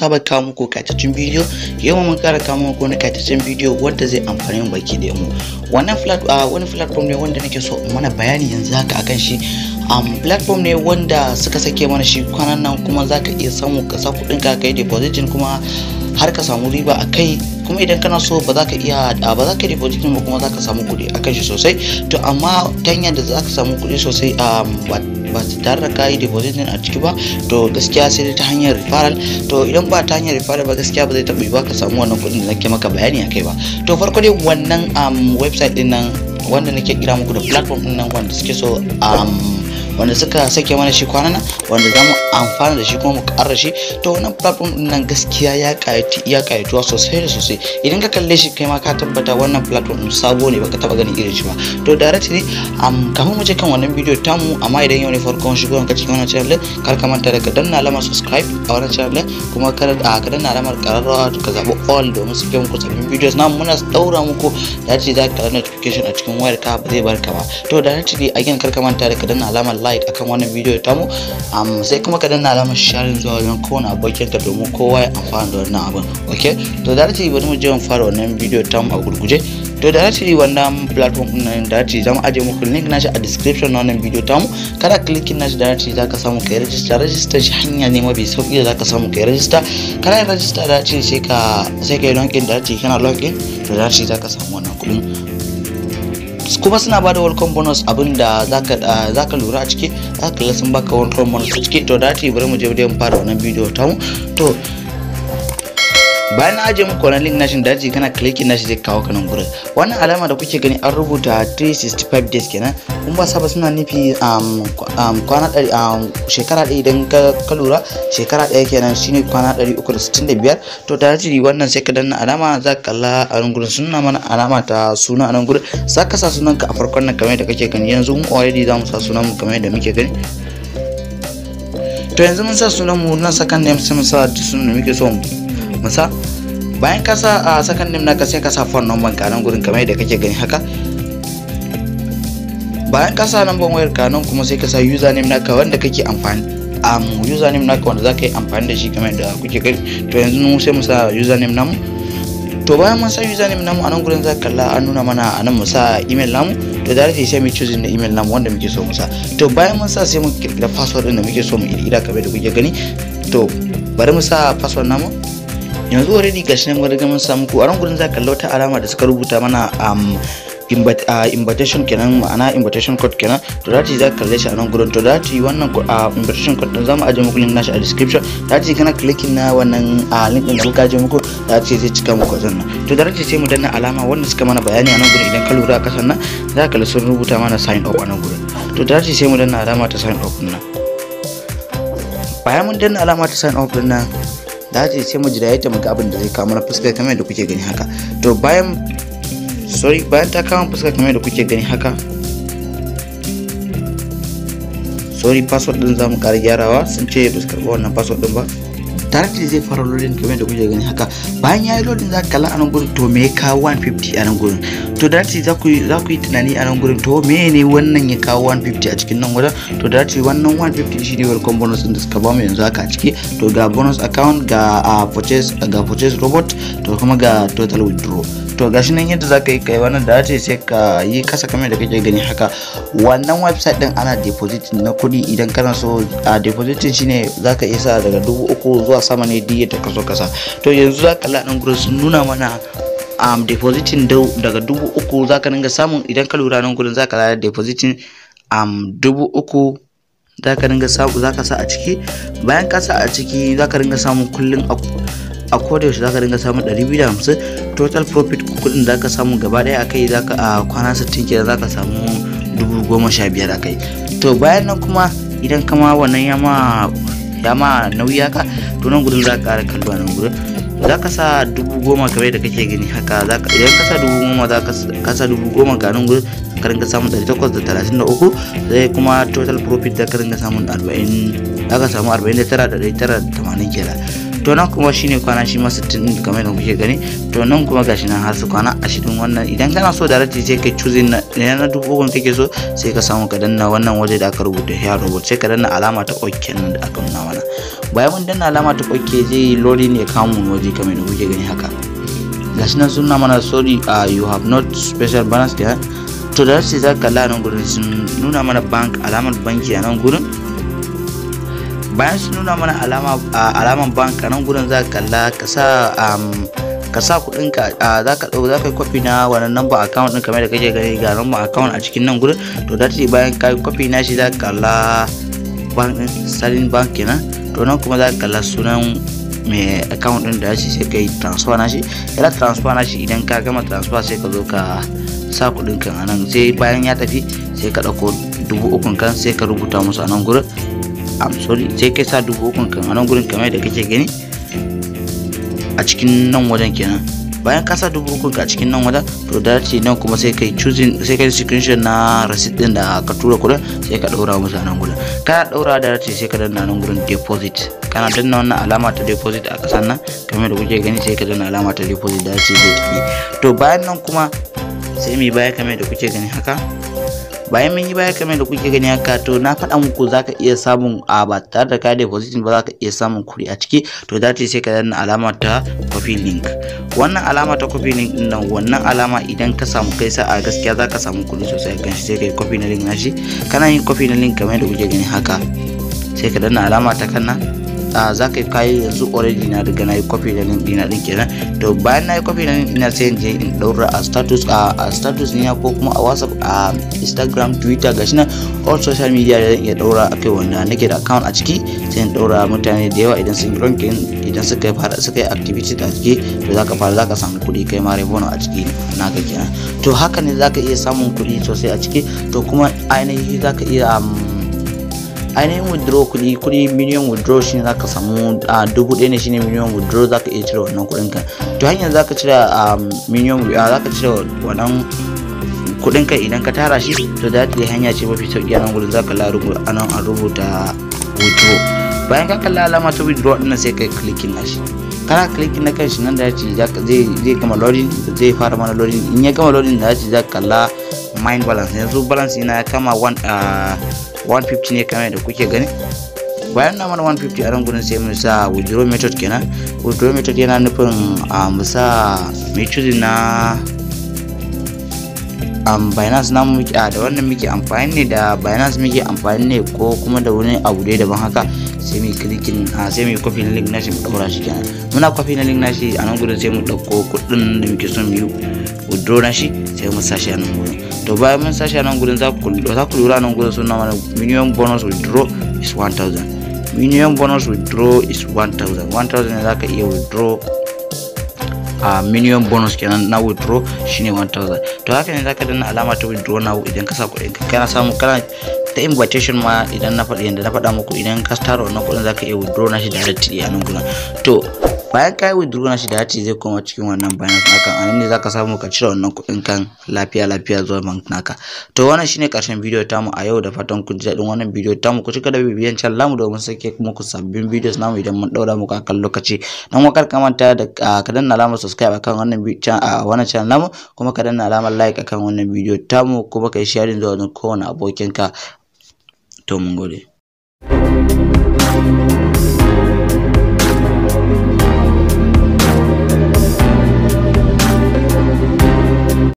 saba kawo muku kaitaccen bidiyo yau mun kara kawo muku wani kaitaccen bidiyo wanda zai amfani mu baki da mu wannan ah, wani platform ne wanda nake so mana bayani yanzu haka akan shi um, platform ne wanda suka sake mana shi kwanan nan kuma zaka iya samu ka sa kuɗin ka kai deposit kuma har ka samu riba a kai kuma idan kana so ba za ka iya ba za ka yi deposit ba kuma za ka samu kuɗi a kan shi sosai to amma ta hanyar da za ka samu kuɗi sosai a ba tare da ka yi deposit a ciki ba to gaskiya sai dai ta hanyar referral to idan ba ta hanyar referral ba gaskiya ba zai taɓa ba ka samu wannan kuɗin da nake maka bayani a kai ba to farko dai wannan website din nan wanda nake kira muku da platform din nan wanda suke so um, wanda suka sake mana shi kwanana, nan wanda za mu amfana da shi kuma mu ƙara shi to wannan platform din nan gaskiya ya kayatu ya kayatuwa sosai da sosai idan ka kalle shi kai ma ka tabbata wannan platform din sabo ne baka taba ganin irin shi ba to directly am kamar mu je kan wannan bidiyo tamu amma idan yau ne farkon shigo ka cikin wannan channel kar ka manta da ka danna alamar subscribe a wannan channel kuma kar ka danna alamar kararrawa ka zaɓi all domin su kai muku sabbin videos na muna daura muku da za ka notification a cikin wayar ka ba zai barka ba to directly again kar ka manta da ka danna alamar like like akan wannan bidiyo ta mu um, sai kuma ka danna alamar sharing zuwa wajen kowane abokin ka domin kowa ya amfana da wannan abin okay to da ta bari mu je mu fara wannan bidiyo ta mu a gurguje to da ta wannan platform din nan da ta zama aje muku link nashi a description na wannan bidiyo ta mu kada clicking nashi da ta zaka samu kai register register shi hanya ne mafi sauki da zaka samu kai register kada yin register da ta sai ka sai ka yi login da ta kana login to da ta zaka samu wannan kuɗin kuma suna ba da welcome bonus abinda za ka ah, lura a ciki za ka sun baka welcome bonus a ciki to da bari mu je mu fara wannan bidiyo ta mu to bayan na ajiye muku wannan link nashin daji kana clicking shi zai kawo ka nan gurin wannan alama da kuke gani an rubuta 365 days kenan kun ba saba suna nufi um, um, kwana ɗari um, shekara ɗaya idan ka lura shekara ɗaya kenan shine kwana 365 to da daji wannan sai ka danna alama za ka kalla a nan gurin suna mana alama ta suna a nan gurin za ka sa sunan ka a farkon nan kamar da kake gani yanzu mun already za mu sa sunan mu kamar da muke gani to yanzu mun sa sunan mu na second name sai mu sa sunan da muke so mu masa bayan ka sa a ah, second na naka sai ka sa phone number ka nan gurin kamar yadda kake gani haka bayan ka sa number wayar ka nan kuma sai ka sa username naka wanda kake amfani um username naka wanda zaka yi amfani da shi kamar yadda kuke gani to yanzu sai mu sa username namu to bayan mun sa username namu a nan gurin za kalla an nuna mana a nan mu sa email namu to da rafi sai mu choose na email namu wanda muke so mu sa to bayan mun sa sai mu kirkira password din da muke so mu kirkira kamar da kuke gani to bari mu sa password namu yanzu already gashi nan mun riga mun samu ku a ran gurin za ka kalli wata alama da suka rubuta mana um, uh, invitation kenan ma'ana invitation code kenan to dati za ka kalle shi a nan gurin to dati wannan uh, invitation code din zamu ajiye muku link nashi a description dati kana clicking na wannan uh, link din da ka aje muku dati zai cika muku zan nan to dati sai mu danna alama wanda suka mana bayani a nan gurin idan ka lura a kasan nan za ka sun rubuta mana sign up a nan gurin to dati sai mu danna alama ta sign up din nan bayan mun danna alama ta sign up din nan da ce sai mu jira ya muga abin da zai kawo mana fuskar kamar da kuke gani haka to bayan sorry bayan ta kawo fuskar kamar da kuke gani haka sorry password din zamu ƙara gyarawa sun ce ba su wannan password din ba directly zai fara loading kamar da kuke gani haka bayan ya yi loading za ka kalla a nan gurin to me ya kawo 150 a nan gurin to directly za ku yi tunani a nan gurin to me ne wannan ya kawo 150 a cikin nan wajen to directly wannan 150 shi ne welcome bonus din da suka ba mu yanzu haka a ciki to ga bonus account ga ah, purchase ga purchase robot to kuma ga total withdraw to gashi nan yadda zaka yi kai wannan da ce sai ka yi kasa kamar da kake gani haka wannan website din ana deposit na kudi idan kana so a deposit shine zaka iya sa daga dubu uku zuwa sama ne diya ta kaso kasa to yanzu zaka la nan gurin sun nuna mana um, depositin daga dubu uku zaka dinga samun idan ka lura nan gurin zaka la depositin um, dubu uku zaka dinga samu zaka sa a ciki bayan ka sa a ciki zaka dinga samun kullun a yaushe zaka dinga samun 250 total profit kudin da zaka samu gaba daya akai zaka a kwana 60 kenan zaka samu a akai to bayan nan kuma idan kama wannan yama yama nauyi haka to nan gudun zaka kara kalba nan gudun za ka sa dubu goma kamar yadda kake gani haka idan ka sa dubu goma za ka sa dubu goma ga nan gurin ka ringa samun 833 zai kuma total profit da ka ringa samun 40 za ka samu 49,980 kenan to nan kuma shine kwana shi masa tun kamar yadda kuke gani to nan kuma gashi nan har su kwana 20 wannan idan kana so da sai kai choosing na na dubu goma kake so sai ka samu ka danna wannan waje da aka rubuta ya robot sai ka danna alama ta ok nan da aka nuna mana bayan mun danna alama ta ok zai lori ne mun waje kamar yadda kuke gani haka gashi nan suna mana sorry uh, you have not special balance there to da rati za ka kalla nan gurin sun nuna mana bank alamar banki a nan gurin bayan su nuna mana alaman bank nan gudun za ka kalla ka sa um, ka sa kuɗin ka za ka ɗau za ka yi kwafi na wannan number account ɗin kamar da kake gani ga number account a cikin nan gurin to da ce bayan ka yi kwafi na shi za ka kalla bank ɗin salin bank kenan to nan kuma za ka kalla sunan mai account ɗin da shi sai ka yi transfer na shi yana transfer na shi idan ka gama transfer sai ka zo ka sa kuɗin kan nan sai bayan ya tafi sai ka ɗauko dubu ukun kan sai ka rubuta musu a nan gurin am sorry sai kai sa dubu ukun kan anan nan gurin kamar da kake gani a cikin nan wajen kenan bayan ka sa dubu ukun a cikin nan wajen to da ce nan kuma sai kai choosing sai kai screenshot na receipt din da ka tura kuɗin sai ka ɗaura musu anan nan gurin kana ɗaura da ce sai ka danna nan gurin deposit kana danna wannan alama ta deposit a kasan nan kamar da kuke gani sai ka danna alama ta deposit da ce zai tafi to bayan nan kuma sai mai baya kamar da kuke gani haka bayan mun yi baya kamar da kuke gani haka to na faɗa muku za ka iya samun a ba tare da ka deposit ba za ka iya samun kuɗi a ciki to za ta sai ka danna alama ta copy link wannan alama ta copy link din nan wannan alama idan ka samu kai sa a gaskiya za ka samu kuɗi sosai kan shi sai ka yi copy na link na shi kana yin copy na link kamar da kuke gani haka sai ka danna alama ta kan nan Ah, za ka kai yanzu already na riga na yi copy da link dina din kenan to bayan na yi copy da link ina sai in je in ɗaura a status a status ɗina ko kuma a whatsapp a instagram twitter gashi nan all social media da zan iya ɗaura a kai wanda nake da account a ciki sai in ɗaura mutane da yawa idan sun ranke idan suka yi fara suka yi activity a ciki to za ka fara za ka samu kuɗi kai ma rebono a ciki na ga kenan to haka ne za ka iya samun kuɗi sosai a ciki to kuma ainihi za ka iya um, ainihin withdraw kudi kudi miliyan withdraw shine zaka samu a dubu ɗaya ne shine miliyan withdraw zaka iya cire wannan kudin ka to hanyar zaka cire um, a million zaka cire wannan kudin ka idan ka tara shi to da ta hanya ce mafi sauki a nan gurin zaka la rubuta nan a rubuta withdraw bayan ka kalla alama ta withdraw ɗin sai kai clicking na shi kana clicking na shi nan da ya ce zai gama loading zai fara mana loading in ya gama loading da ya ce za ka kalla mind balance yanzu balance ina kama 150 ne kamar yadda kuke gani bayan na mana 150 a ran gudun sai mun sa withdraw method kenan withdraw method yana nufin a musa mai cuzi na um, binance na muke da wannan muke amfani ne da binance muke amfani ne ko kuma da wani abu dai daban haka sai mai klikin a sai mu copy link na shi mu daura shi kenan muna kwafi na link na shi a nan gudun sai mu dauko kudin da muke son mu withdraw na shi sai mu sa shi a nan to bayan mun sashi a nan gurin za ku lura nan gurin suna mana minimum bonus withdraw is 1000 minimum bonus withdraw is 1000 1000 ne za ka withdraw a minimum bonus can now withdraw shine 1000 to haka ne zaka danna alama to withdraw now idan ka sa kana samu kana ta invitation ma idan na faɗi yanda na faɗa muku idan ka wannan kuɗin zaka iya withdraw na shi directly a nan gudan to bayan ka yi na shi da ya zai koma cikin wannan binance naka a nan ne zaka samu ka cire wannan kuɗin kan lafiya lafiya zuwa bank naka to wannan shine karshen bidiyo ta mu a yau da fatan ku ji daɗin wannan bidiyo mu ku cika da bibiyan can mu domin sake ku sabbin na namu idan mun daura muku akan lokaci dan wakar ka manta da ka danna alamar subscribe akan wannan a wannan channel namu kuma ka danna alamar like akan wannan bidiyo mu kuma ka yi sharing zuwa wani kowane abokinka to mun gode